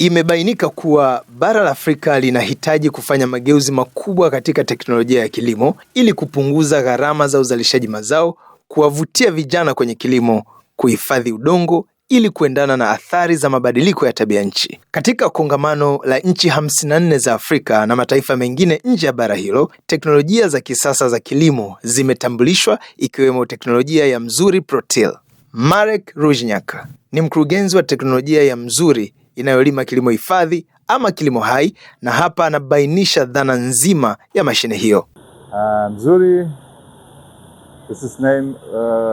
Imebainika kuwa bara la Afrika linahitaji kufanya mageuzi makubwa katika teknolojia ya kilimo ili kupunguza gharama za uzalishaji mazao, kuwavutia vijana kwenye kilimo, kuhifadhi udongo ili kuendana na athari za mabadiliko ya tabia nchi. Katika kongamano la nchi 54 za Afrika na mataifa mengine nje ya bara hilo, teknolojia za kisasa za kilimo zimetambulishwa ikiwemo teknolojia ya Mzuri Protil. Marek Rujnyaka ni mkurugenzi wa teknolojia ya Mzuri inayolima kilimo hifadhi ama kilimo hai, na hapa anabainisha dhana nzima ya mashine hiyo. Uh, mzuri Name,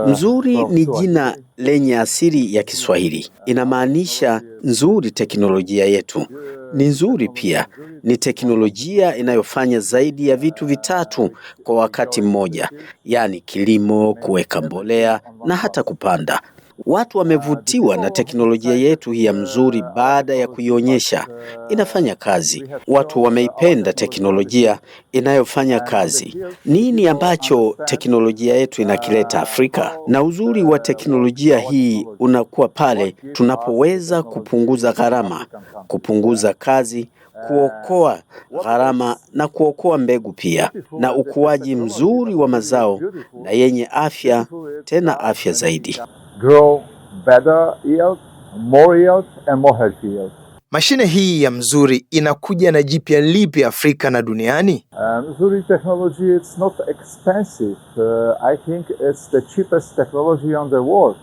uh, mzuri ni jina lenye asili ya Kiswahili, inamaanisha nzuri. Teknolojia yetu ni nzuri, pia ni teknolojia inayofanya zaidi ya vitu vitatu kwa wakati mmoja, yaani kilimo, kuweka mbolea na hata kupanda. Watu wamevutiwa na teknolojia yetu hii ya mzuri. Baada ya kuionyesha inafanya kazi, watu wameipenda teknolojia inayofanya kazi. Nini ambacho teknolojia yetu inakileta Afrika? Na uzuri wa teknolojia hii unakuwa pale tunapoweza kupunguza gharama, kupunguza kazi, kuokoa gharama na kuokoa mbegu pia, na ukuaji mzuri wa mazao na yenye afya, tena afya zaidi grow better yield, more yield and more healthy yield. Mashine hii ya Mzuri inakuja na jipya lipi Afrika na duniani? Uh, Mzuri technology it's not expensive. Uh, I think it's the cheapest technology on the world.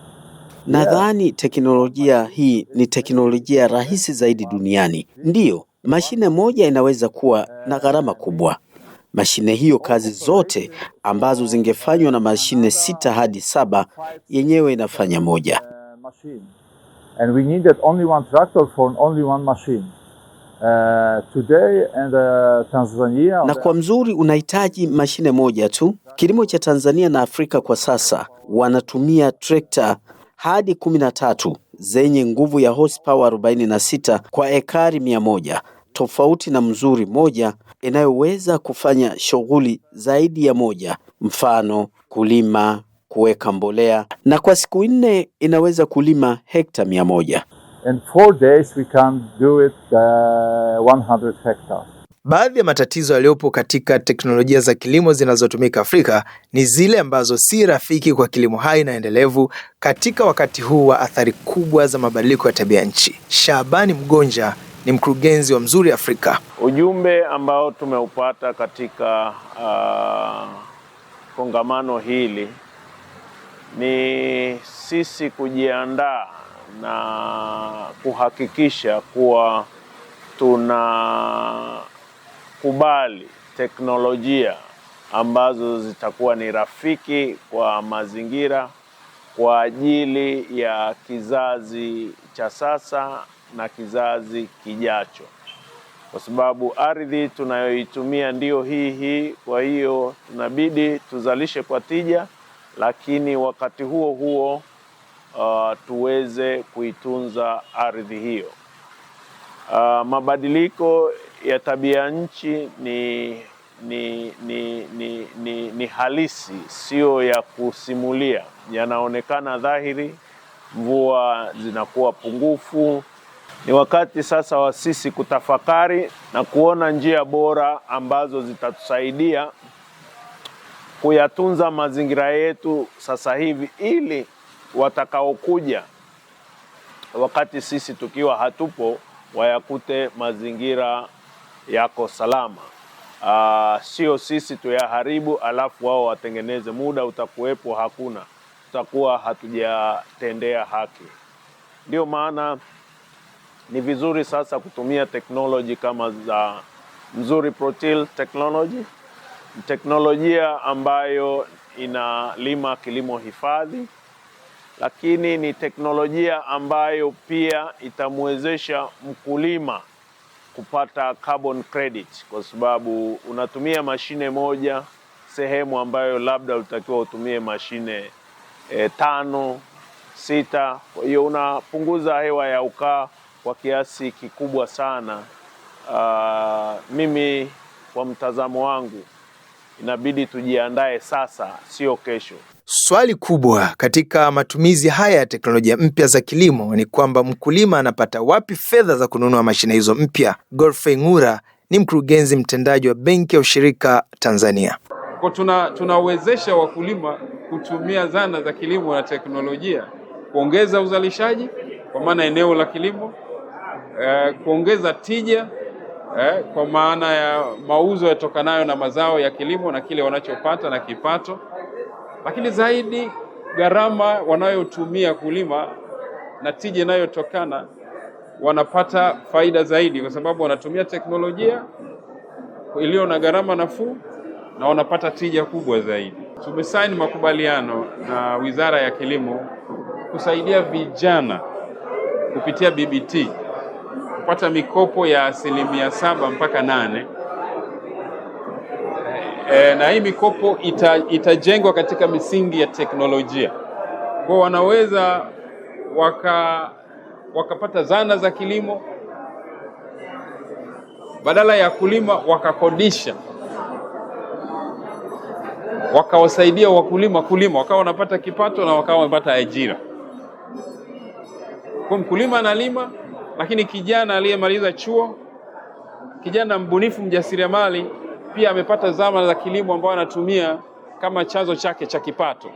Nadhani teknolojia hii ni teknolojia rahisi zaidi duniani. Ndiyo, mashine moja inaweza kuwa na gharama kubwa, Mashine hiyo kazi zote ambazo zingefanywa na mashine sita hadi saba yenyewe inafanya moja. And we that only one tractor for only one machine. Uh, today uh, Tanzania... na kwa mzuri unahitaji mashine moja tu. Kilimo cha Tanzania na Afrika kwa sasa wanatumia trekta hadi kumi na tatu zenye nguvu ya horsepower 46 kwa ekari mia moja tofauti na mzuri moja inayoweza kufanya shughuli zaidi ya moja, mfano kulima, kuweka mbolea, na kwa siku nne inaweza kulima hekta mia moja. In four days we can do it, uh, 100 hectares. Baadhi ya matatizo yaliyopo katika teknolojia za kilimo zinazotumika Afrika ni zile ambazo si rafiki kwa kilimo hai na endelevu katika wakati huu wa athari kubwa za mabadiliko ya tabia nchi. Shabani Mgonja ni mkurugenzi wa Mzuri Afrika. Ujumbe ambao tumeupata katika uh, kongamano hili ni sisi kujiandaa na kuhakikisha kuwa tunakubali teknolojia ambazo zitakuwa ni rafiki kwa mazingira kwa ajili ya kizazi cha sasa na kizazi kijacho, kwa sababu ardhi tunayoitumia ndiyo hii hii. Kwa hiyo tunabidi tuzalishe kwa tija, lakini wakati huo huo uh, tuweze kuitunza ardhi hiyo. Uh, mabadiliko ya tabia nchi ni, ni, ni, ni, ni, ni halisi, siyo ya kusimulia. Yanaonekana dhahiri, mvua zinakuwa pungufu ni wakati sasa wa sisi kutafakari na kuona njia bora ambazo zitatusaidia kuyatunza mazingira yetu sasa hivi, ili watakaokuja wakati sisi tukiwa hatupo wayakute mazingira yako salama. Aa, ah, sio sisi tuyaharibu, alafu wao watengeneze. Muda utakuwepo hakuna, tutakuwa hatujatendea haki. Ndio maana ni vizuri sasa kutumia teknoloji kama za Mzuri Protil technology, teknolojia ambayo inalima kilimo hifadhi, lakini ni teknolojia ambayo pia itamwezesha mkulima kupata carbon credit, kwa sababu unatumia mashine moja sehemu ambayo labda utakiwa utumie mashine e, tano sita. Kwa hiyo unapunguza hewa ya ukaa kwa kiasi kikubwa sana. Uh, mimi kwa mtazamo wangu inabidi tujiandae sasa, sio kesho. Swali kubwa katika matumizi haya ya teknolojia mpya za kilimo ni kwamba mkulima anapata wapi fedha za kununua mashine hizo mpya? Godfrey Ngura ni mkurugenzi mtendaji wa Benki ya Ushirika Tanzania. tuna tunawezesha wakulima kutumia zana za kilimo na teknolojia kuongeza uzalishaji kwa maana eneo la kilimo eh, kuongeza tija eh, kwa maana ya mauzo yatokanayo na mazao ya kilimo na kile wanachopata na kipato, lakini zaidi gharama wanayotumia kulima na tija inayotokana, wanapata faida zaidi, kwa sababu wanatumia teknolojia iliyo na gharama nafuu na wanapata tija kubwa zaidi. Tumesaini makubaliano na Wizara ya Kilimo kusaidia vijana kupitia BBT kupata mikopo ya asilimia saba mpaka nane e, na hii mikopo ita, itajengwa katika misingi ya teknolojia. Kwa wanaweza waka wakapata zana za kilimo badala ya kulima wakakodisha, wakawasaidia wakulima kulima, wakawa wanapata kipato na wakawa wanapata ajira. Kwa mkulima analima lakini kijana aliyemaliza chuo, kijana mbunifu, mjasiriamali, pia amepata zana za kilimo ambayo anatumia kama chanzo chake cha kipato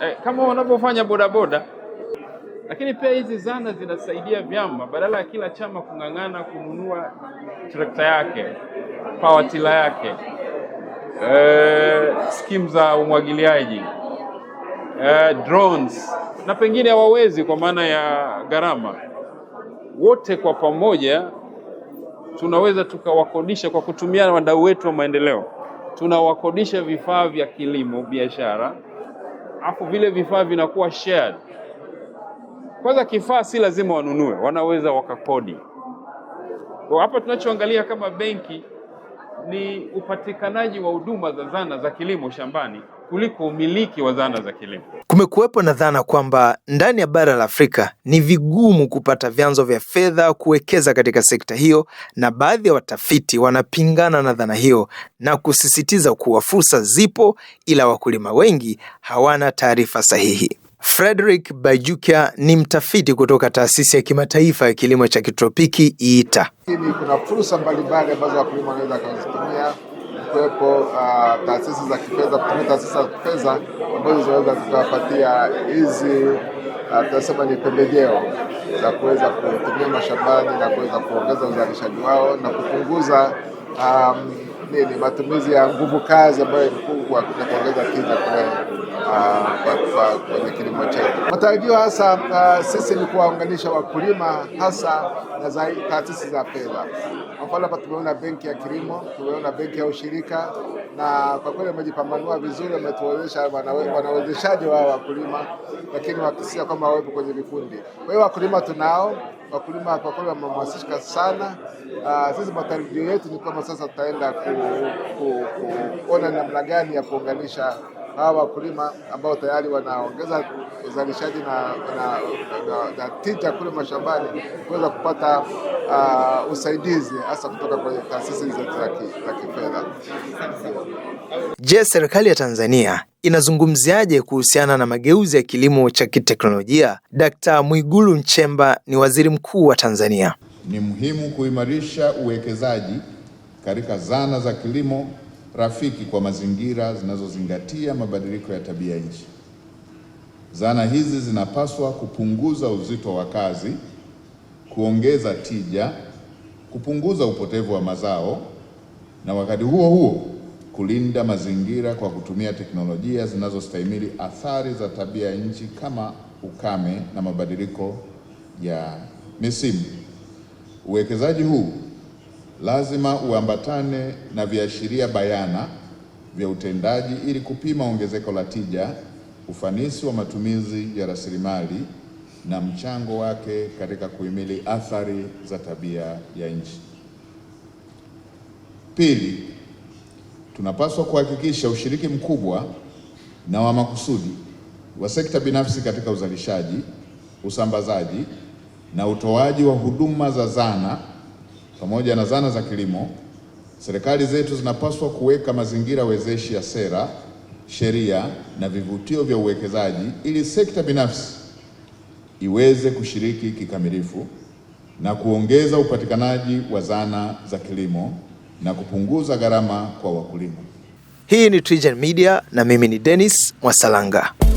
eh, kama wanavyofanya bodaboda. Lakini pia hizi zana zinasaidia vyama, badala ya kila chama kung'ang'ana kununua trekta yake, pawatila yake, eh, skimu za umwagiliaji, eh, drones na pengine hawawezi kwa maana ya gharama. Wote kwa pamoja tunaweza tukawakodisha kwa kutumia wadau wetu wa maendeleo, tunawakodisha vifaa vya kilimo biashara, afu vile vifaa vinakuwa shared. Kwanza kifaa si lazima wanunue, wanaweza wakakodi. Kwa hapa tunachoangalia kama benki ni upatikanaji wa huduma za zana za kilimo shambani kuliko umiliki wa zana za kilimo. Kumekuwepo na dhana kwamba ndani ya bara la Afrika ni vigumu kupata vyanzo vya fedha kuwekeza katika sekta hiyo, na baadhi ya watafiti wanapingana na dhana hiyo na kusisitiza kuwa fursa zipo, ila wakulima wengi hawana taarifa sahihi. Frederick Bajukia ni mtafiti kutoka taasisi ya kimataifa ya kilimo cha kitropiki IITA. Kuna fursa mbalimbali ambazo wakulima wanaweza kuzitumia kuwepo uh, taasisi za kifedha, kutumia taasisi za kifedha ambazo zinaweza zikawapatia hizi uh, tunasema ni pembejeo za kuweza kutumia mashambani na kuweza kuongeza uzalishaji wao na kupunguza um, nini matumizi ya nguvu kazi ambayo ni kubwa kuongeza tija kule kwenye kilimo chetu. Matarajio hasa uh, sisi ni kuwaunganisha wakulima hasa na taasisi za fedha. Kwa mfano hapa tumeona benki ya kilimo, tumeona benki ya ushirika, na kwa kweli wamejipambanua vizuri, wametuwezesha wanawezeshaji wao wakulima, lakini wakisia kwamba wawepo kwenye vikundi. Kwa hiyo wakulima tunao wakulima kwa kweli wamehamasishika sana. Uh, sisi matarajio yetu ni kwamba sasa tutaenda kuona ku, ku, namna gani ya kuunganisha hawa wakulima ambao tayari wanaongeza uzalishaji na, na, na, na tija kule mashambani kuweza kupata uh, usaidizi hasa kutoka kwenye taasisi za kifedha. Je, serikali ya Tanzania inazungumziaje kuhusiana na mageuzi ya kilimo cha kiteknolojia? Dkt. Mwigulu Nchemba ni waziri mkuu wa Tanzania. Ni muhimu kuimarisha uwekezaji katika zana za kilimo rafiki kwa mazingira zinazozingatia mabadiliko ya tabia nchi. Zana hizi zinapaswa kupunguza uzito wa kazi, kuongeza tija, kupunguza upotevu wa mazao na wakati huo huo kulinda mazingira kwa kutumia teknolojia zinazostahimili athari za tabia nchi kama ukame na mabadiliko ya misimu. Uwekezaji huu lazima uambatane na viashiria bayana vya utendaji ili kupima ongezeko la tija, ufanisi wa matumizi ya rasilimali na mchango wake katika kuhimili athari za tabia ya nchi. Pili, tunapaswa kuhakikisha ushiriki mkubwa na wa makusudi wa sekta binafsi katika uzalishaji, usambazaji na utoaji wa huduma za zana pamoja na zana za kilimo, serikali zetu zinapaswa kuweka mazingira wezeshi ya sera, sheria na vivutio vya uwekezaji ili sekta binafsi iweze kushiriki kikamilifu na kuongeza upatikanaji wa zana za kilimo na kupunguza gharama kwa wakulima. Hii ni TriGen Media na mimi ni Dennis Mwasalanga.